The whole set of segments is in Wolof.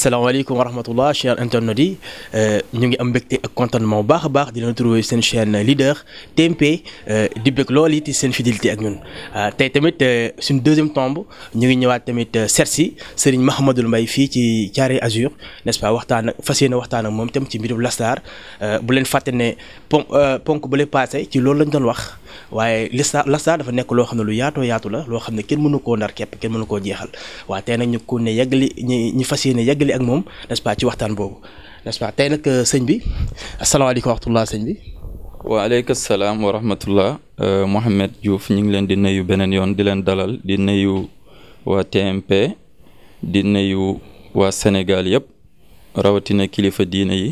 alaikum wa rahmatullah chers internautes nous euh, ñu ngi am contentement bu baax baax di chaîne leader TMP euh, di bëgg et it fidélité ak ñun euh, tey tamit une deuxième tombe ñu ngi ñëwaat tamit seet c'est Serigne Mahamadou Mbaye fii ci Azur n'est-ce pas waxtaan ak qui waxtaan ak moom de ci mbirum Lastar bu leen fàtte ne ponk waaye lista lasta dafa nekk loo xam ne lu yaatoo yaatu la loo xam ne kenn mënu koo ndar képp kenn mënu koo jeexal waaye tey nag ñu ko ne yàggali ñi ñi fas yéene yàggali ak moom nest ci waxtaan boobu n'est-ce tey nag euh, sëñ bi asalaamaaleykum wa rahmatulah sëñ bi. waaleykum salaam wa rahmatulah euh, Mouhamed ñu ngi leen di nuyu beneen yoon di leen dalal di nuyu waa TMP di nuyu waa senegal yëpp rawatina kilifa diine yi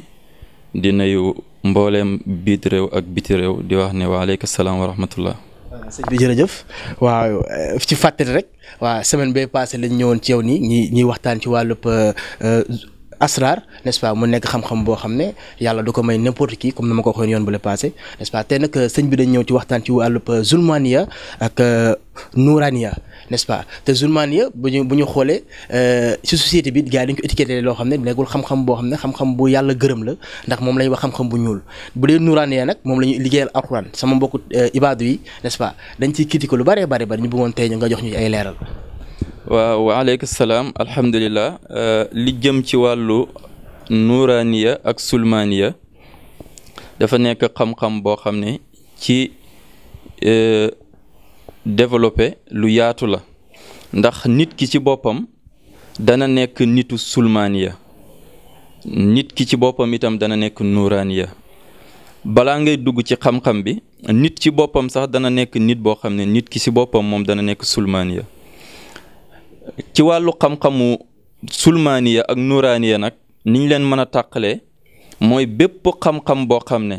di nuyu mbooleem biit réew ak biti réew di wax ne waaleykum salaam wa rahmatullah. Euh, sëñ bi jërëjëf waaw euh, ci fàttali rek waa semaine bee passé lañ ñëwoon ci yow nii ñi ñiy waxtaan ci wàllub euh, asrar n'est-ce pas mu nekk xam-xam boo xam ne yàlla du ko may n'importe ki comme ni ma ko waxoon yoon bu la passé nest pas tey nag sëñ bi dañ ñëw ci waxtaan ci wàllub zulmaniya ak nuraniya n'est-ce pas te zulman ya buñu ñu bu ñu ci société bi gaay dañ ko étiqueté lo xamné ne xam-xam bo xamné xam-xam bu yàlla gërëm la ndax mom la wax xam-xam bu ñuul bu dé nuraan ya nag moom la ñuy sama mbokk ibadu yi n'est-ce pas dañ ci critiqué lu bari bari bari ñu bëggon tey nga jox ñu ay wa wa alayka salam alhamdullilah li jëm ci walu nuraaniya ak sulmaniya dafa nek xam-xam bo xamné ci euh développé lu yaatu la ndax nit ki ci boppam dana nekk nitu sulmaaniya nit ki ci boppam itam dana nekk ya bala ngay dugg ci xam-xam bi nit ci boppam sax dana nekk nit boo xam ne nit ki ci boppam moom dana nekk ya ci wàllu xam-xamu sulmaaniya ak ya nag niñ leen mën a tàqalee mooy bépp xam-xam boo xam ne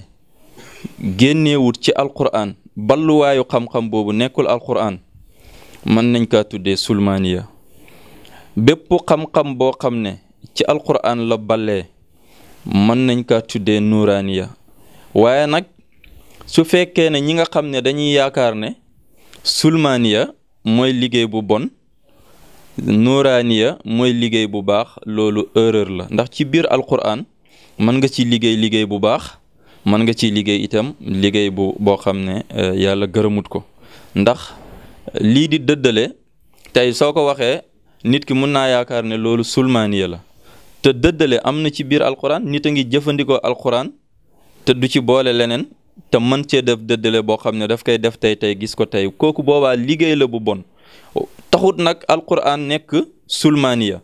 génnewut ci alquran balluwaayu xam-xam boobu nekkul alquran mën nañ kaa tuddee sulmaaniya bépp xam-xam boo xam ne ci alquran la ballee mën nañ kaa tuddee ya waaye nag su fekkee ne ñi nga xam ne dañuy yaakaar ne sulmaaniya mooy liggéey bu bon ya mooy liggéey bu baax loolu erreur la ndax ci biir alquran mën nga ci liggéey liggéey bu baax mën nga ciy liggéey itam liggéey bu boo xam ne euh, yàlla gërëmut ko ndax lii di dëddale tey soo ko waxee nit ki mun naa yaakaar ne loolu sulmaaniya la te dëddale am na ci biir alquran nit a ngi jëfandikoo alxuraan te du ci boole leneen te mën cee def dëddale boo xam ne daf koy def tey tey gis ko tey kooku boobaa liggéey la bu bon taxut nag alquran nekk sulmaaniya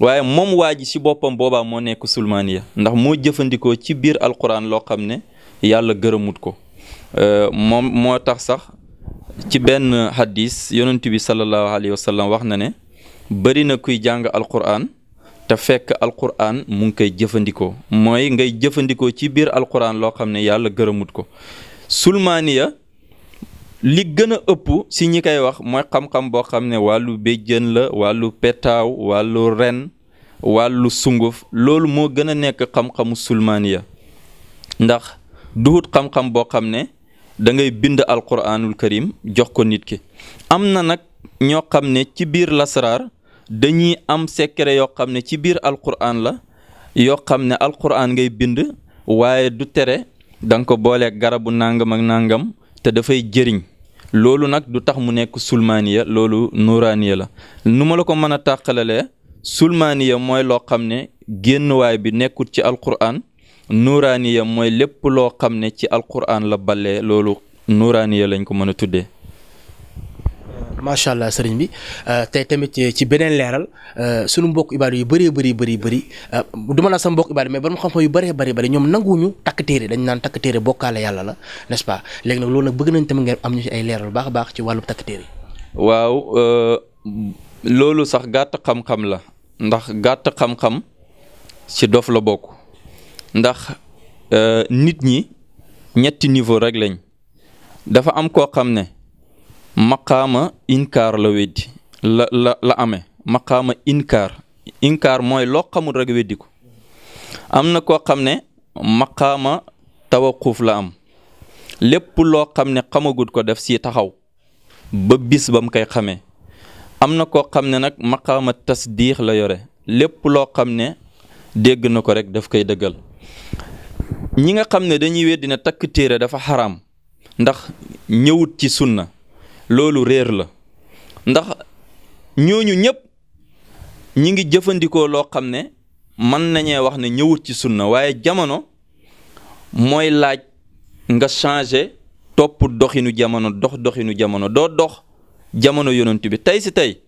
waaye moom waa ji si boppam boobaa moo nekk sulmaaniya ndax moo jëfandikoo ci biir alquran loo xam ne yàlla gërëmut ko euh, moom moo tax sax ci benn hadis yonent bi sallallahu alayhi wa wax na ne bëri na kuy jàng alquran te fekk alquran mu ngi koy jëfandikoo mooy ngay jëfandikoo ci biir alquran loo xam ne yàlla gërëmut ko sulmaaniya li gën a ëpp si ñi koy wax mooy xam-xam boo xam ne wàllu béjjën la wàllu petaaw wàllu ren wàllu sunguf loolu moo gën a nekk xam-xamu ya ndax duhut xam-xam boo xam ne da ngay bind alquranul karim jox ko nit ki am na nag ñoo xam ne ci biir lasaraar dañuy am secret yoo xam ne ci biir alquran la yoo xam ne alquran ngay bind waaye du tere danga ko boolee garabu nàngam ak nàngam te dafay jëriñ loolu nag du tax mu nekk sulmaaniya loolu nuuraaniya la nu ma la ko mën a tàqalalee sulmaaniya mooy loo xam ne génnuwaay bi nekkut ci alquran nuuraaniya mooy lépp loo xam ne ci alquran la bale loolu ya lañ ko mën a tuddee macha allah sëriñ bi euh, tey tamit ci beneen leeral euh, sunu mbokk ibaadu yu bëree bëri bëri bëri euh, du ma naan sama mbokk ibaadu mais borom xam-xam yu bëree bëri bëri ñoom nanguwuñu takk téere dañ naan takk téere bokkaale yàlla la n'est-ce pas léegi nag loolu nag bëgg nañ tamit ngeen am ñu ci ay leeral baax a baax ci wàllu takk téere waaw loolu sax gàtt xam-xam la ndax gàtt xam-xam ci dof la bokk ndax nit ñi ñetti niveau rek lañ dafa am koo xam ne maqaama inkaar la weddi la la la amee maqaama inkaar inkaar mooy loo xamul rek weddi ko am na koo xam ne maqaama tawaquuf la am lépp loo xam ne xamagut ko def si taxaw ba bis ba mu koy xamee am na koo xam ne nag maqaama tasdiix la yore lépp loo xam ne dégg na ko rek daf koy dëggal ñi nga xam ne dañuy weddi ne takk téere dafa xaram ndax ñëwut ci sunna loolu réer la ndax ñooñu ñëpp ñu ngi jëfandikoo loo xam ne mën nañee wax ne ñëwut ci sunna waaye jamono mooy laaj nga changer topp doxinu jamono dox doxinu jamono doo dox jamono yonent bi tey si tey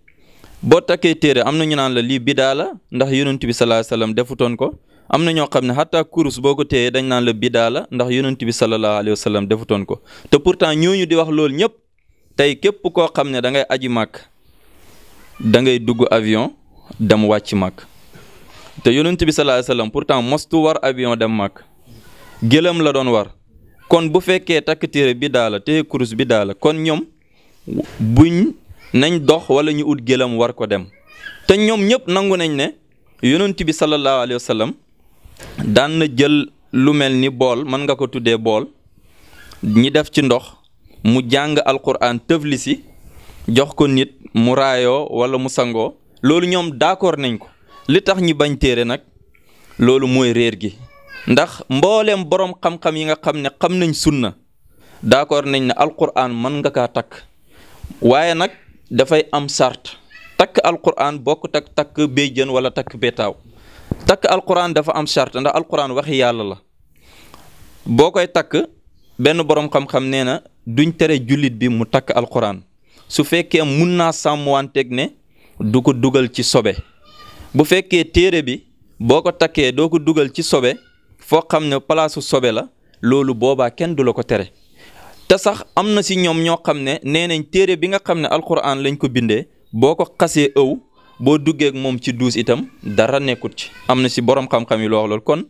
boo takkee téere am na ñu naan la lii bidaa la ndax yonent bi sallallahu alayhi wasallam defutoon ko am na ñoo xam ne xataa kurus boo ko téyee dañ naan la bidaa la ndax yonent bi sallallahu alayhi wasallam defutoon ko te pourtant ñooñu di wax loolu ñëpp tey képp koo xam ne dangay aji màkk dangay dugg avion dem wàcc màkk te yonent bi sallallahu alayhi wasallam pourtant mostu war avion dem màkk gëlëm la doon war kon bu fekkee takk téere bi daala téye kurus bi daala kon ñoom buñ nañ dox wala ñu ut gëlëm war ko dem te ñoom ñëpp nangu nañ ne yonent bi sallallahu alayhi wasallam daan na jël lu mel ni bool mën nga ko tuddee bool ñi def ci ndox mu jàng alquran tëfli si jox ko nit mu raayoo wala mu sangoo loolu ñoom d'accord nañ ko li tax ñi bañ téere nag loolu mooy réer gi ndax mbooleem boroom xam-xam yi nga xam ne xam nañ sunna d'accord nañ ne alquran mën nga kaa takk waaye nag dafay am sart takk alquran bokkut ak takk bee jën wala takk bee taaw takk alquran dafa am sart ndax alquran waxi yàlla la boo koy takk benn boroom xam-xam nee na duñ tere jullit bi mu takk alquran su fekkee mun naa sàmmwanteeg ne du ko dugal ci sobe bu fekkee téere bi boo ko takkee doo ko dugal ci sobe foo xam ne palaasu sobe la loolu boobaa kenn du la ko tere te sax am na si ñoom ñoo xam ne nee nañ téere bi nga xam ne alquran lañ ko bindee boo ko xasee ëw boo duggeek moom ci duus itam dara nekkut ci am na si borom xam-xam yi loo loolu kon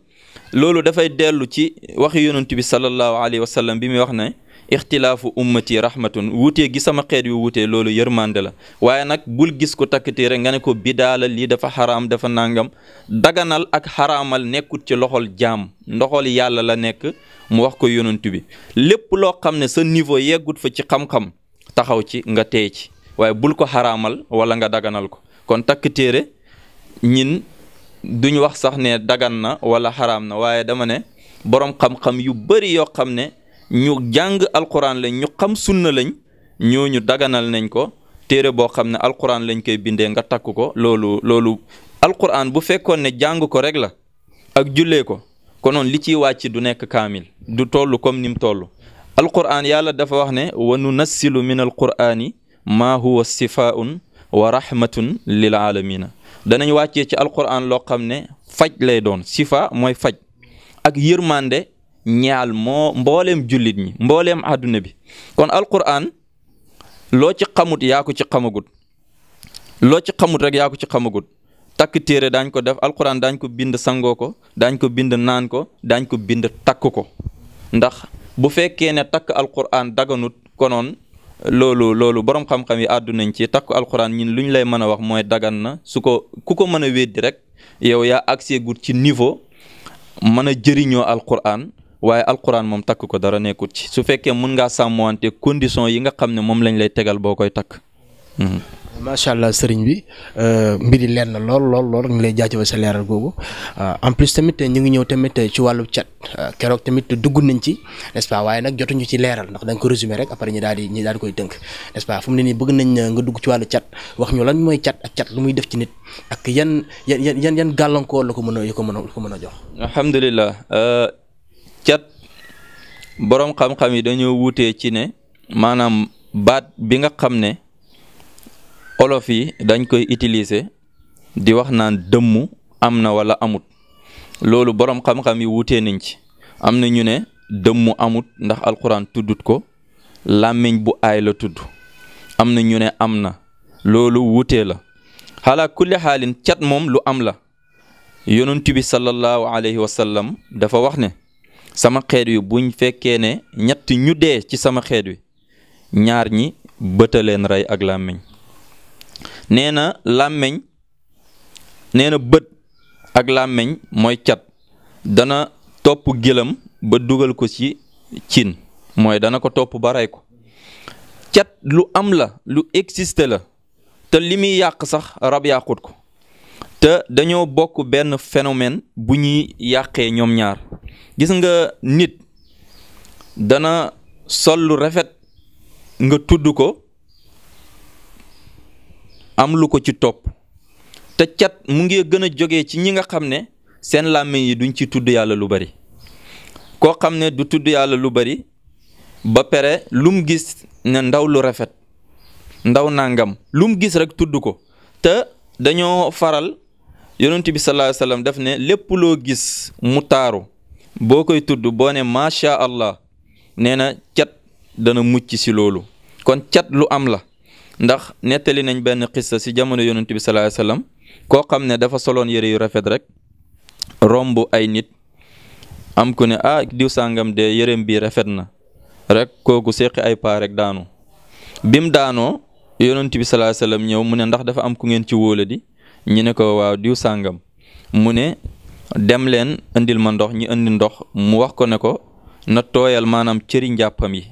loolu dafay dellu ci waxi yonent bi sallallahu alayhi wa sallam bi muy wax ne ixtilaafu ummati rahmatun wuutee gi sama xeet yu wuutee loolu yërmande la waaye nag bul gis ko takk téere nga ne ko bidaala lii dafa xaraam dafa nangam daganal ak xaraamal nekkut ci loxol jaam ndoxol yàlla la nekk mu wax ko yonent bi lépp loo xam ne sa niveau yeggut fa ci xam-xam taxaw ci nga tey ci waaye bul ko xaraamal wala nga daganal ko kon takk téere ñin duñ wax sax ne dagan na wala xaraam na waaye dama ne boroom xam-xam yu bari yoo xam ne ñu jàng alquran lañ ñu xam sunna lañ ñooñu daganal nañ ko téere boo xam ne alquran lañ koy bindee nga takk ko loolu loolu alquran bu fekkoon ne jàng ko rek la ak jullee ko konoon li ciy wàcc du nekk kaamil du toll comme ni mu toll alquran yàlla dafa wax ne wa nunassilu min alqurani maa huwa sifaun wa rahmatun lil alamina danañ wàccee ci alquran loo xam ne faj lay doon sifa mooy faj ak yërmande ñaal moo mbooleem jullit ñi mbooleem àdduna bi kon alquran loo ci xamut yaa ko ci xamagut loo ci xamut rek yaa ko ci xamagut takk téere daañ ko def alquran daañ ko bind sangoo ko daañ ko bind naan ko daañ ko bind takk ko ndax bu fekkee ne takk alquran daganut konoon loolu loolu boroom xam-xam yi àddunañ ci takk alquran ñun lu ñu lay mën a wax mooy dagan na su ko ku ko mën a weddi rek yow yaa accès gut ci niveau mën a jëriñoo alquran waaye alquran moom takk ko dara nekkut ci su fekkee mën ngaa sàmmante condition yi nga xam ne moom lañ lay tegal boo koy takk. Mhm. macha allah sëriñ bi euh, mbiri leer na lool lool lool ñu lay jaajëfal sa leeral googu euh, en plus tamit ñu ngi ñëw tamit ci wàllu cat euh, keroog tamit dugg nañ ci n'est-ce pas waaye nag jotuñu ci leeral ndax da nga ko résumé rek après ñu daal di ñu daal di koy tënk n'est-ce pas fu mu ne nii bëgg nañ nga dugg ci wàllu cat wax ñu lan mooy cat cat lu muy def ci nit ak yan yan yan yan gàllankoor la ko mën a la ko ko mën a jox. cat boroom xam-xam yi dañoo wutee ci ne maanaam baat bi nga xam ne olof yi dañ koy utiliser di wax naan dëmm am na wala amut loolu boroom xam-xam yi wutee nañ ci am na ñu ne dëmm amut ndax alxuraan tuddut ko làmmiñ bu aay la tudd am na ñu ne am na loolu wutee la xalaa kulli xaalin cat moom lu am la yonent bi sallallahu alayhi wa sallam dafa wax ne sama xeet wi buñ fekkee ne ñett ñu dee ci sama xeet wi ñaar ñi bëta leen rey ak làmmiñ nee na làmmiñ nee na bët ak làmmiñ mooy cat dana topp gëlam ba dugal ko ci cin mooy dana ko topp ba rey ko cat lu am la lu existe la te li muy yàq sax rab yàqut ko te dañoo bokk benn phénomène bu ñuy yàqee ñoom ñaar gis nga nit dana sol lu rafet nga tudd ko am lu ko ci topp te cat mu ngi gën a jóge ci ñi nga xam ne seen làmmiñ yi duñ ci tudd yàlla lu bari koo xam ne du tudd yàlla lu bari ba pare lum gis ne ndaw lu rafet ndaw nangam lum gis rek tudd ko te dañoo faral yonent bi sallallahu alayhi wa daf ne lépp loo gis mu taaru boo koy tudd boo ne macha allah nee na cat dana mucc si loolu kon cat lu am la ndax nettali nañ benn xissa si jamono yonent bi sallallahu alayhi sallam koo xam ne dafa soloon yére yu rafet rek romb ay nit am ku ne ah diw sàngam de yërëm bii rafet na rek kooku seqi ay paa rek daanu bim daanoo yonent bi sallallahu alayhi ñëw mu ne ndax dafa am ku ngeen ci wóola di ñu ne ko waaw diw sàngam mu ne dem leen indil ma ndox ñi indi ndox mu wax ko ne ko na tooyal maanaam cëri njàppam yi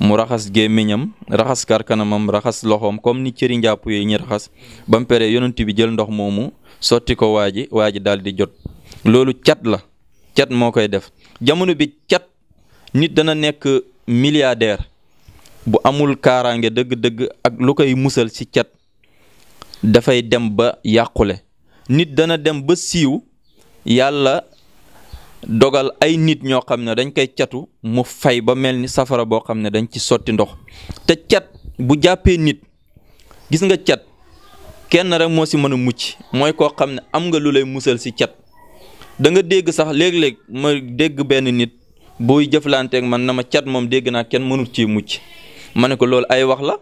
mu raxas gémmiñam raxas kar kanamam raxas loxoom comme ni cëri njàpp yooyu ñu raxas ba mu pare yonent bi jël ndox moomu sotti ko waa ji waa ji daal di jot loolu cat la cat moo koy def jamono bi cat nit dana nekk milliardaire bu amul kaaraange dëgg-dëgg ak lu koy musal ci cat dafay dem ba yàqule nit dana dem ba siiw yàlla dogal ay nit ñoo xam ne dañ koy catu mu fay ba mel ni safara boo xam ne dañ ci sotti ndox te cat bu jàppee nit gis nga cat kenn rek moo ci mën a mucc mooy koo xam ne am nga lu lay musal si cat danga dégg sax léeg-léeg ma dégg benn nit buy jëflanteek man na ma cat moom dégg naa kenn mënul ci mucc ma ne ko loolu ay wax la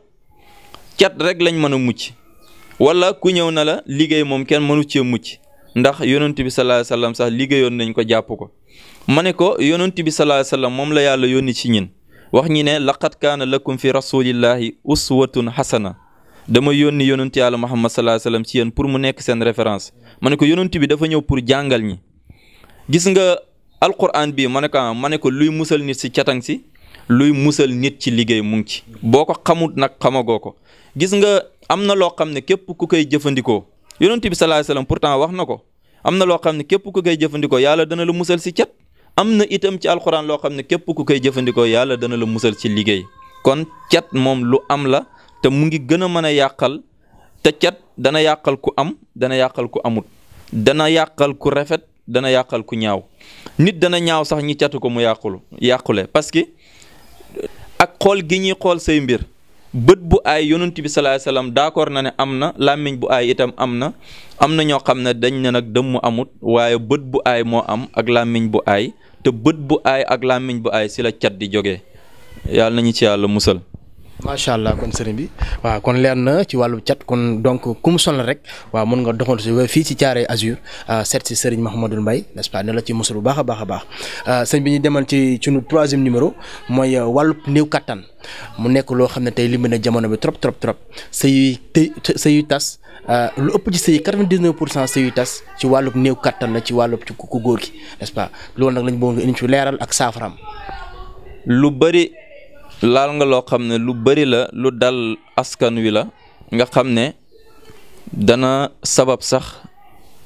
cat rek lañ mën a mucc wala ku ñëw na la liggéey moom kenn mënu cee mucc ndax yonent bi sallallahu alayhi wasallam sax liggéeyoon nañ ko jàpp ko ma ne ko yonent bi sallallahu moom la yàlla yónni ci ñin wax ñi ne laqad kaana lakum fi rasulillahi uswatun hasana dama yónni yonent yàlla muhammad sallallahu alayhi wasallam ci yéen pour mu nekk seen référence ma ne ko yonent bi dafa ñëw pour jàngal ñi gis nga alquran bi ma ne ko ah, ma ne ko luy musal nit si catang si luy musal nit ci liggéey mu ci boo ko xamut nag xamagoo ko gis nga am na loo xam ne képp ku koy jëfandikoo yonent bi sallallahu alayhi wasallam pourtant wax na ko am na loo xam ne képp ku koy jëfandikoo yàlla dana la musal si cet am na itam ci alxuraan loo xam ne képp ku koy jëfandikoo yàlla dana la musal ci liggéey kon cat moom lu am la te mu ngi gën a mën a yàqal te cat dana yàqal ku am dana yàqal ku amut dana yàqal ku rafet dana yàqal ku ñaaw nit dana ñaaw sax ñi catu ko mu yàqulu yàqule parce que ak xool gi ñuy xool say mbir bët bu aay yonent bi salaay salaam d'accord na ne am na làmmiñ bu aay itam am na am na ñoo xam ne dañ ne nag dëmm amut waaye bët bu aay moo am ak làmmiñ bu aay te bët bu aay ak làmmiñ bu aay si la cat di jóge yàlla nañu ci yàlla musal macha allah kon serigne bi wa kon leer na ci walu chat kon donc kum mu rek wa mën nga doxal ci fi ci Thiaroye Azur ah, seet serigne mahamadou Mouhamadou Mbaye n'est-ce pas ne la ci musul bu baax a baax ah, serigne bi ñu demal ci sunu troisième numéro mooy ah, wàllu néew kattan mu nekk loo xam ne tey lim na jamono bi trop trop trop sëy tey sëyu tas lu upp ci sëy 99 pour tas ci walu new katan la ci walu ci ku gor ki n'est-ce pas loolu nak lañ bo nga indi ci leeral ak saafaram lu bari laal nga loo xam ne lu bari la lu dal askan wi la nga xam ne dana sabab sax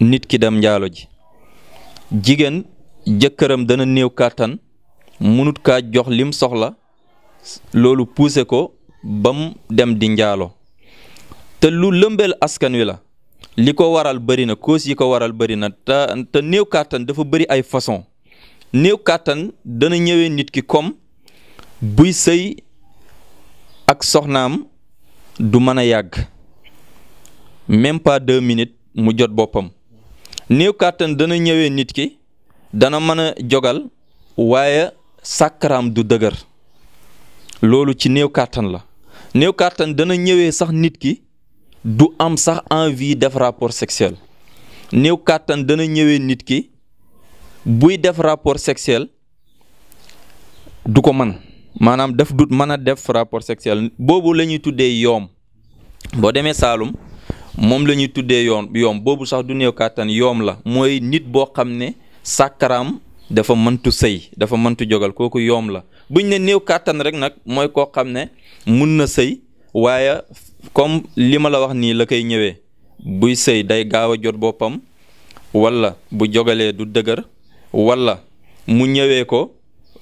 nit ki dem njaalo ji jigéen jëkkëram dana néew kàttan munut kaa jox lim soxla loolu puuse ko bam dem di njaalo te lu lëmbeel askan wi la li ko waral bëri na cause yi ko waral bëri na te néew kàttan dafa bari ay façon néew kàttan dana ñëwee nit ki comme buy sëy ak soxnaam du mën a yàgg même pas deux minutes mu jot boppam néew kàttan dana ñëwee nit ki dana mën a jogal waaye sàkkaraam du dëgër loolu ci néew kàttan la néew kàttan dana ñëwee sax nit ki du am sax envie def rapport sexuel néew kàttan dana ñëwee nit ki buy def rapport sexuel du ko mën maanaam daf du mën a def rapport sexuel boobu la ñuy tuddee yoom boo demee Saalum moom la ñuy tuddee yoon yoom boobu sax du néew kàttan yoom la mooy nit boo xam ne sàkkaraam dafa mëntu sëy dafa mëntu jogal kooku yoom la buñ ne néew kàttan rek nag mooy koo xam ne mun na sëy waaye comme li ma la wax nii la koy ñëwee buy sëy day gaaw a jot boppam walla bu jogalee du dëgër walla mu ñëwee ko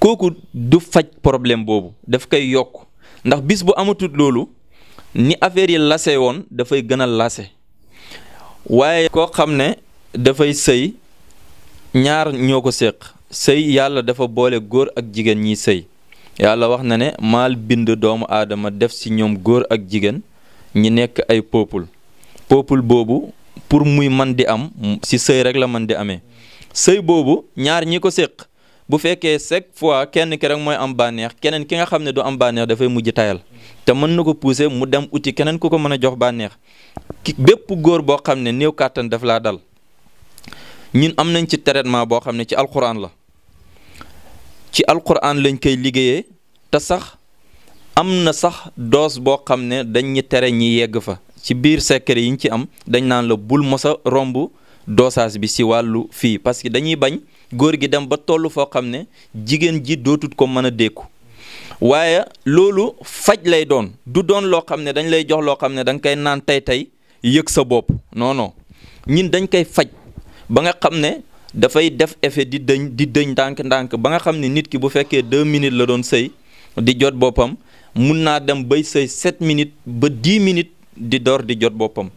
kooku du faj problème boobu daf koy yokk ndax bis bu amatul loolu ni affaire yi lase woon dafay gën lase waaye koo xam ne dafay sëy ñaar ñoo ko séq sëy yàlla dafa boole góor ak jigéen ñi sëy yàlla wax na ne maal bind doomu aadama def ci ñoom góor ak jigéen ñi nekk ay peuple peuple boobu pour muy man di am ci sëy rek la man di amee sëy boobu ñaar ñi ko séq bu fekkee chaque fois kenn ki rek mooy am bànneex keneen ki nga xam ne du am bànneex dafay mujj tayal te mën na ko pousser mu dem uti keneen ku ko mën a jox bànneex bépp góor boo xam ne néew kàttan daf laa dal ñun am nañ ci traitement boo xam ne ci alquran la ci alquran lañ koy liggéeyee te sax am na sax doos boo xam ne dañ tere ñi yegg fa ci biir secret yi ñu ci am dañ naan la bul mos a romb dosage bi si wàllu fii parce que dañuy bañ. góor gi dem ba tollu foo xam ne jigéen ji dootut ko mën a dékku waaye loolu faj lay doon du doon loo xam ne dañ lay jox loo xam ne da nga koy naan tey tey yëg sa bopp noonoo non ñun dañ koy faj ba nga xam ne dafay def effet di dëñ di dëñ ndànk-ndànk ba nga xam ne nit ki bu fekkee deux minutes la doon sëy di jot boppam mun naa dem bay sëy sept minutes ba dix minutes di door di jot boppam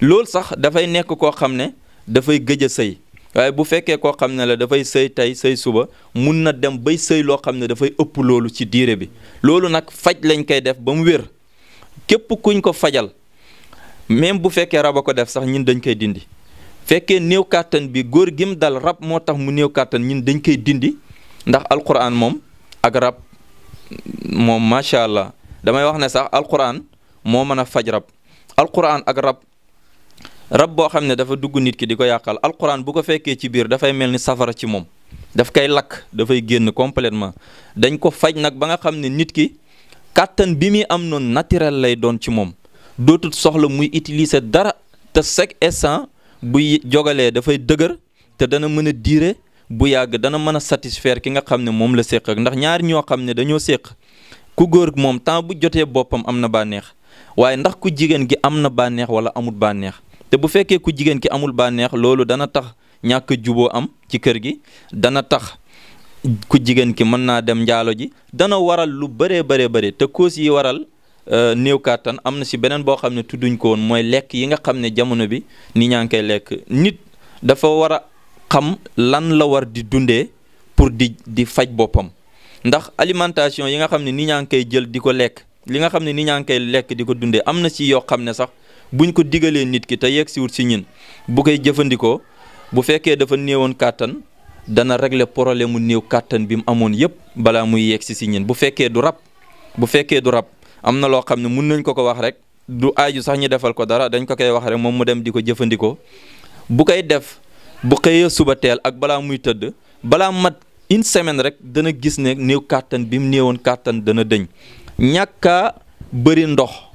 loolu sax dafay nekk koo xam ne dafay gëj a sëy waaye bu fekkee koo xam ne la dafay sëy tey sëy suba mun na dem bay sëy loo xam ne dafay ëpp loolu ci diire bi loolu nag faj lañ koy def ba mu wér képp kuñ ko fajal même bu fekkee rab a ko def sax ñun dañ koy dindi fekkee néew kàttan bi góor gi mu dal rab moo tax mu néew kàttan ñun dañ koy dindi ndax alquran moom ak rab moom macha allah damay wax ne sax alxuraan moo mën a faj rab alquran ak rab rab boo xam ne dafa dugg nit ki di ko yàqal alquran bu ko fekkee ci biir dafay mel ni safara ci moom daf koy lakk dafay génn complètement dañ ko faj nag ba nga xam ne nit ki kàttan bi muy am noonu naturel lay doon ci moom dootul soxla muy utiliser dara te chaque estant buy jogalee dafay dëgër te dana mën a diire bu yàgg dana mën a satisfaire ki nga xam ne moom la séq ndax ñaar ñoo xam ne dañoo séq ku góor moom temps bu jotee boppam am na bànneex waaye ndax jigéen gi am na bànneex wala amut bànneex te bu fekkee ku jigéen ki amul bànneex loolu dana tax ñàkk juboo am ci kër gi dana tax ku jigéen ki mën naa dem njaalo ji dana waral lu bëree bëree bëri te causes yi waral euh, néew kàttan am na si beneen boo xam ne tudduñ ko woon mooy lekk yi nga xam ne jamono bi ni ñaa ngi koy lekk nit dafa war a xam lan la war di dundee pour di di faj boppam ndax alimentation yi nga xam ne ni ñaa ngi koy jël di ko lekk li nga xam ne ni ñaa ngi koy lekk di ko dundee am na si yoo xam ne sax buñ ko digalé nit ki te yegg wut ci ñin bu koy jëfëndiko bu féké dafa néwon katan dana réglé problème mu néw katan bi mu amoon yépp bala muy yegg si ñin bu féké du rap bu féké du rap amna lo xamné mën nañ ko ko wax rek du aaju sax ñi defal ko dara dañ ko kay wax rek mom mu dem di ko bu koy def bu xeyé suba tél ak bala muy tëdd bala mat une semaine rek dana gis né néw katan bi mu néwon katan dana deñ ñaka bëri ndox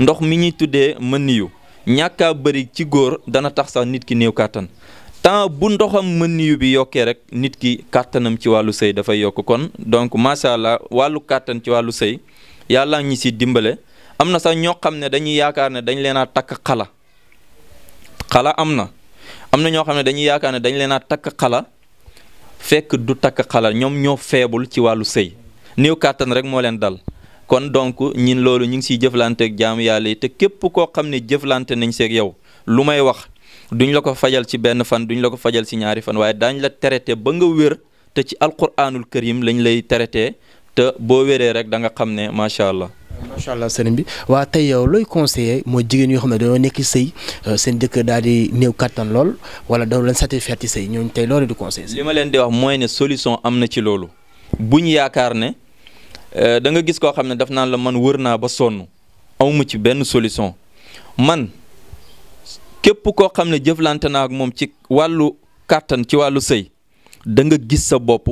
ndox mi ñuy tuddee mën niyu ñàkk a bëri ci góor dana tax sax nit ki néew kàttan temps bu ndoxam mën niyu bi yokkee rek nit ki kàttanam ci wàllu sëy dafay yokk kon donc macha allah wàllu kàttan ci wàllu sëy yàlla ñi si dimbale am na sax ñoo xam ne dañuy yaakaar ne dañ leen a takk xala xalaa am na am na ñoo xam ne dañuy yaakaar ne dañ leen a takk xala fekk du takk xala ñoom ñoo feebul ci wàllu sëy néew kàttan rek moo leen dal kon donc ñin loolu ñu ngi siy jëflanteeg jaamu yàlla yi te képp koo xam ne jëflante nañ seeg yow lu may wax duñ la ko fajal ci benn fan duñ la ko fajal ci ñaari fan waaye daañ la traité ba nga wér te ci al alquranul karim lañ lay traité te boo wéree rek da nga xam ne macha allah. macha allah bi waa tey yow looy conseiller mooy jigéen yoo xam ne dañoo nekk ci sëy euh, seen dëkk daal di néew kattan lool wala dañoo leen satisfaire ci sëy ñooñu tey loolu du conseil. li ma leen di wax mooy ne solution am na ci loolu buñ yaakaar ne. Euh, da nga gis koo xam ne daf naa la man wër naa ba sonn awma ci benn solution man képp koo xam ne jëflante naa ak moom ci wàllu kàttan ci wàllu sëy da gis sa bopp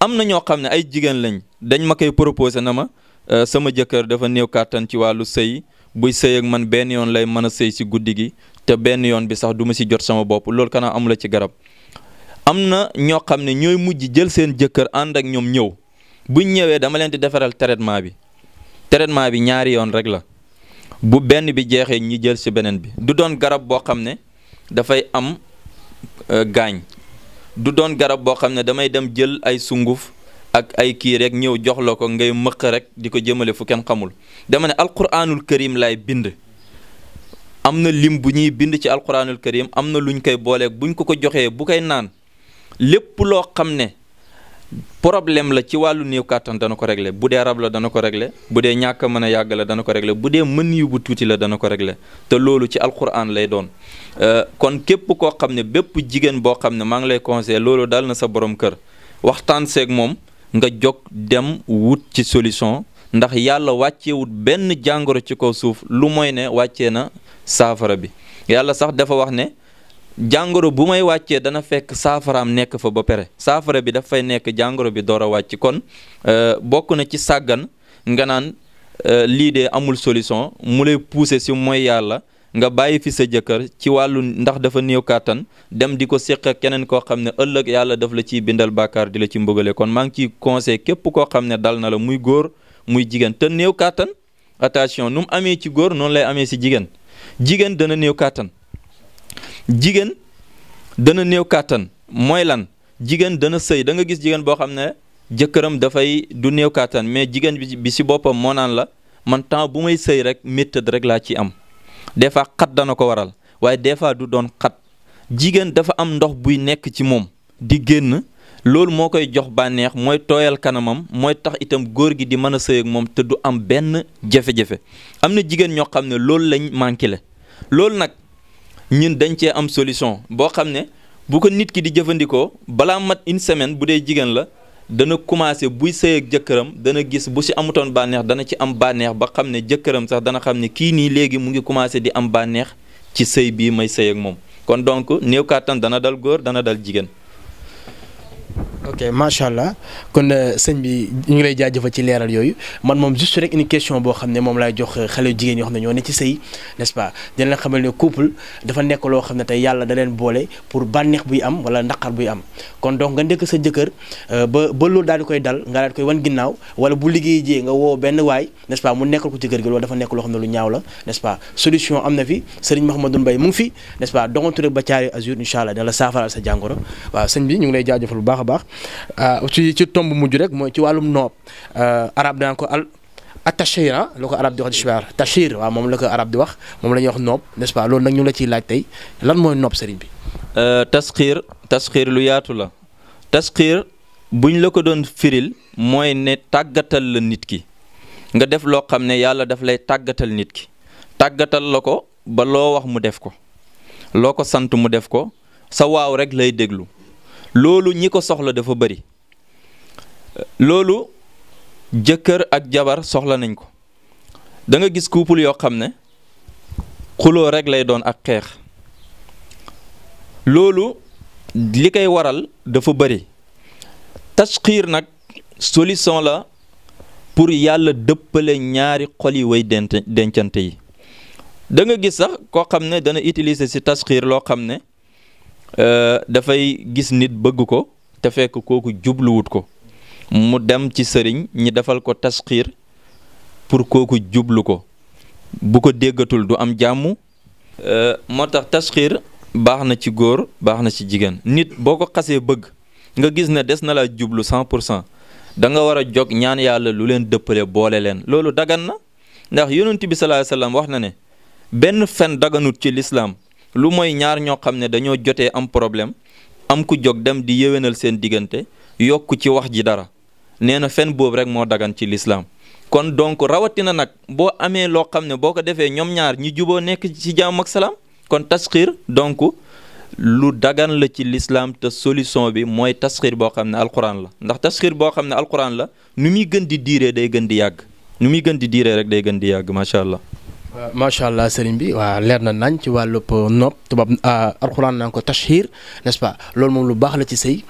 am na ñoo xam ne ay jigéen lañ dañ ma koy proposé na ma euh, sama jëkkër dafa néew kàttan ci wàllu sëy buy sëy ak man benn yoon lay mën a sëy si guddi gi te benn yoon bi sax duma si jot sama bopp loolu kanaa amula ci garab am na ñoo xam ne ñooy mujj jël seen jëkkër ànd ak ñoom ñëw buñ ñëwee dama leen di defaral traitement bi traitement bi ñaari yoon rek la bu benn bi jeexee ñu jël si beneen bi du doon garab boo xam ne dafay am euh, gaañ du doon garab boo xam ne damay dem jël ay sunguf ak ay kii rek ñëw jox la ko ngay mëq rek di ko jëmale fu kenn xamul dama ne alquranul karim lay bind am na lim bu ñuy bind ci alquranul karim am na luñ koy booleeg buñ ko ko joxee bu koy naan lépp loo xam ne problème la ci wàllu néew kàttan dana ko régler bu dee rab la dana ko regle bu dee ñàkk mën a yàgg la dana ko régler bu dee mën yu bu tuuti la dana ko regle te loolu ci alquran lay doon euh, kon képp koo xam ne bépp jigéen boo xam ne maa ngi lay conseillé loolu dal na sa borom kër waxtaan seeg moom nga jóg dem wut ci solution ndax yàlla wàccewut benn jàngoro ci ko suuf lu mooy ne wàccee na saafara bi yàlla sax dafa wax ne jàngoro bu may wàccee dana fekk saafaraam nekk fa ba pere saafara bi daf fay nekk jàngoro bi door a wàcc kon euh, bokk na ci sàggan nga naan euh, lii de amul solution mu lay pousser si mooy yàlla nga bàyyi fi sa jëkkër ci wàllu ndax dafa néew kàttan dem di ko séq ak keneen koo xam ne ëllëg yàlla daf la ciy bindal bàkkaar di la ci mbugale kon maa ngi ci conseil képp koo xam ne dal na la muy góor muy jigéen te néew kàttan attention nu mu amee ci góor noonu lay amee si jigéen jigéen dana néew kàttan jigéen dana néew kàttan mooy lan jigéen dana sëy da nga gis jigéen boo xam ne jëkkëram dafay du néew kàttan mais jigéen bi bi si boppam moo naan la man temps bu may sëy rek méthode rek laa ci am des fois xat dana ko waral waaye des fois du doon xat jigéen dafa am ndox buy nekk ci moom di génn loolu moo koy jox bànneex mooy tooyal kanamam mooy tax itam góor gi di mën a sëy ak moom te du am benn jafe-jafe am na jigéen ñoo xam ne loolu lañ manqué loolu nag ñun dañ cee am solution boo xam ne bu ko nit ki di jëfandikoo balaa mat une semaine bu dee jigéen la dana commencé buy sëy ak jëkkëram dana gis bu si amutoon bànneex dana ci am bànneex ba xam ne jëkkëram sax dana xam ne kii nii léegi mu ngi commencé di am bànneex ci sëy bii may sëy ak moom kon donc néew kàttan dana dal góor dana dal jigéen ok macha allah kon euh, sëñ bi ñu ngi lay jaajëfal ci leeral yooyu man moom juste rek une question boo xam ne moom laay jox euh, xale jigéen yoo xam ne ñoo ne ci sëy n'est-ce pas leen xamal ne couple dafa nekk loo xam ne tey yàlla da boole pour bànneex buy am wala naqar buy am kon donc nga ndekk sa jëkkër euh, ba ba loolu daal di dal nga daal di koy ginnaaw wala bu liggéey jee nga woo benn waay n'est-ce ko ci kër gi loolu nekk loo xam lu ñaaw la n'est-ce pas solution am na fi sëriñ Mouhamadou Mbaye mu fi n'est-ce pas doxantu rek ba caari azur incha allah dina la saafaraal sa jàngoro waaw sëñ bi ñu ngi lay jaajëfal bu baax a baax Euh, ci ci tomb mujj rek mooy ci wàllum noob euh, arab daan ko al attachir ah, la ko arab di wax di moom la ko arab di wax moom la ñuy wax noob n'est-ce pas ñu la ciy laaj lan mooy noob sëriñ bi. Euh, tasxiir tasxiir lu yaatu la tasxiir buñ la ko doon firil mooy ne tàggatal la nit ki nga def loo xam ne yàlla daf lay tàggatal nit ki tàggatal la ko ba loo wax mu def ko loo ko sant mu def ko sa waaw rek lay déglu. loolu ñi ko soxla dafa bëri loolu jëkkër ak jabar soxla nañ ko da nga gis couple yoo xam ne xuloo rekk lay doon ak xeex loolu li koy waral dafa bëri tashxiir nag solution la pour yàlla dëppale ñaari xol yi way dencante yi da nga gis sax koo xam ne dana utiliser si tashxiir loo xam ne Euh, dafay gis nit bëgg ko te fekk kooku jubluwut ko mu dem ci sëriñ ñi defal ko tasxiir pour kooku jublu ko bu ko déggatul du am jàmm euh, moo tax tasxiir baax na ci góor baax na ci jigéen nit boo ko xasee bëgg nga gis ne des na la jublu cent pour cent da nga war a jog ñaan yàlla lu leen dëppale boole leen loolu dagan na ndax yonent bi sallallahu wax na ne benn fen daganut ci lislaam lu mooy ñaar ñoo xam ne dañoo jotee am problème am ku jóg dem di yéwénal seen diggante yokk ci wax ji dara nee na fen boobu rek moo dagan ci lislaam kon donc rawatina nag boo amee loo xam ne boo ko defee ñoom ñaar ñi juboo nekk ci jàmm ak salaam kon tasxiir donc lu dagan la ci lislaam te solution bi mooy tasxiir boo xam ne alquran la ndax tasxiir boo xam ne alquran la nu muy gën di diiree day gën di yàgg nu muy gën di diiree rek day gën di yàgg macha allah. Euh, macha allah sëriñ bi wa leer na nañ ci wàllub euh, nopp tubaab euh, alxuraan naa tashhir n'est-ce pas lolou mom lu baax la ci sey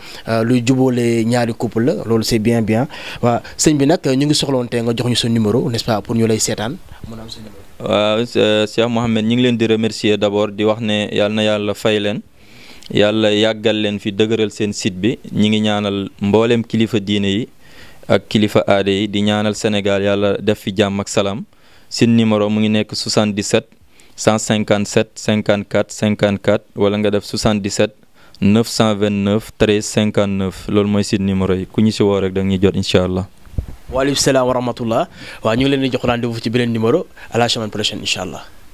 luy djubole ñaari couple la lolou c'est bien bien Wa sëñ bi nak ñu ngi soxlawoon nga jox ñu son numéro n'est-ce pas pour ñu lay sétane mun am sa Cheikh Mohamed ñu ngi leen di remercier d'abord di wax ne yalla na yalla fay leen yalla yagal leen fi dëgëral sen site bi ñi ngi ñaanal mbollem kilifa diine yi ak kilifa aada yi di ñaanal Sénégal yalla def fi jàmm ak salam seen numéro mu ngi nekk 77 157 54 54 wala nga def 77 929 13 59 loolu mooy seen numéro yi ku ñu si woo rek da ñuy jot incha allah. waaleykum salaam wa waa waaw ñu ngi leen di jox rendez-vous ci beneen numéro à la prochaine incha allah.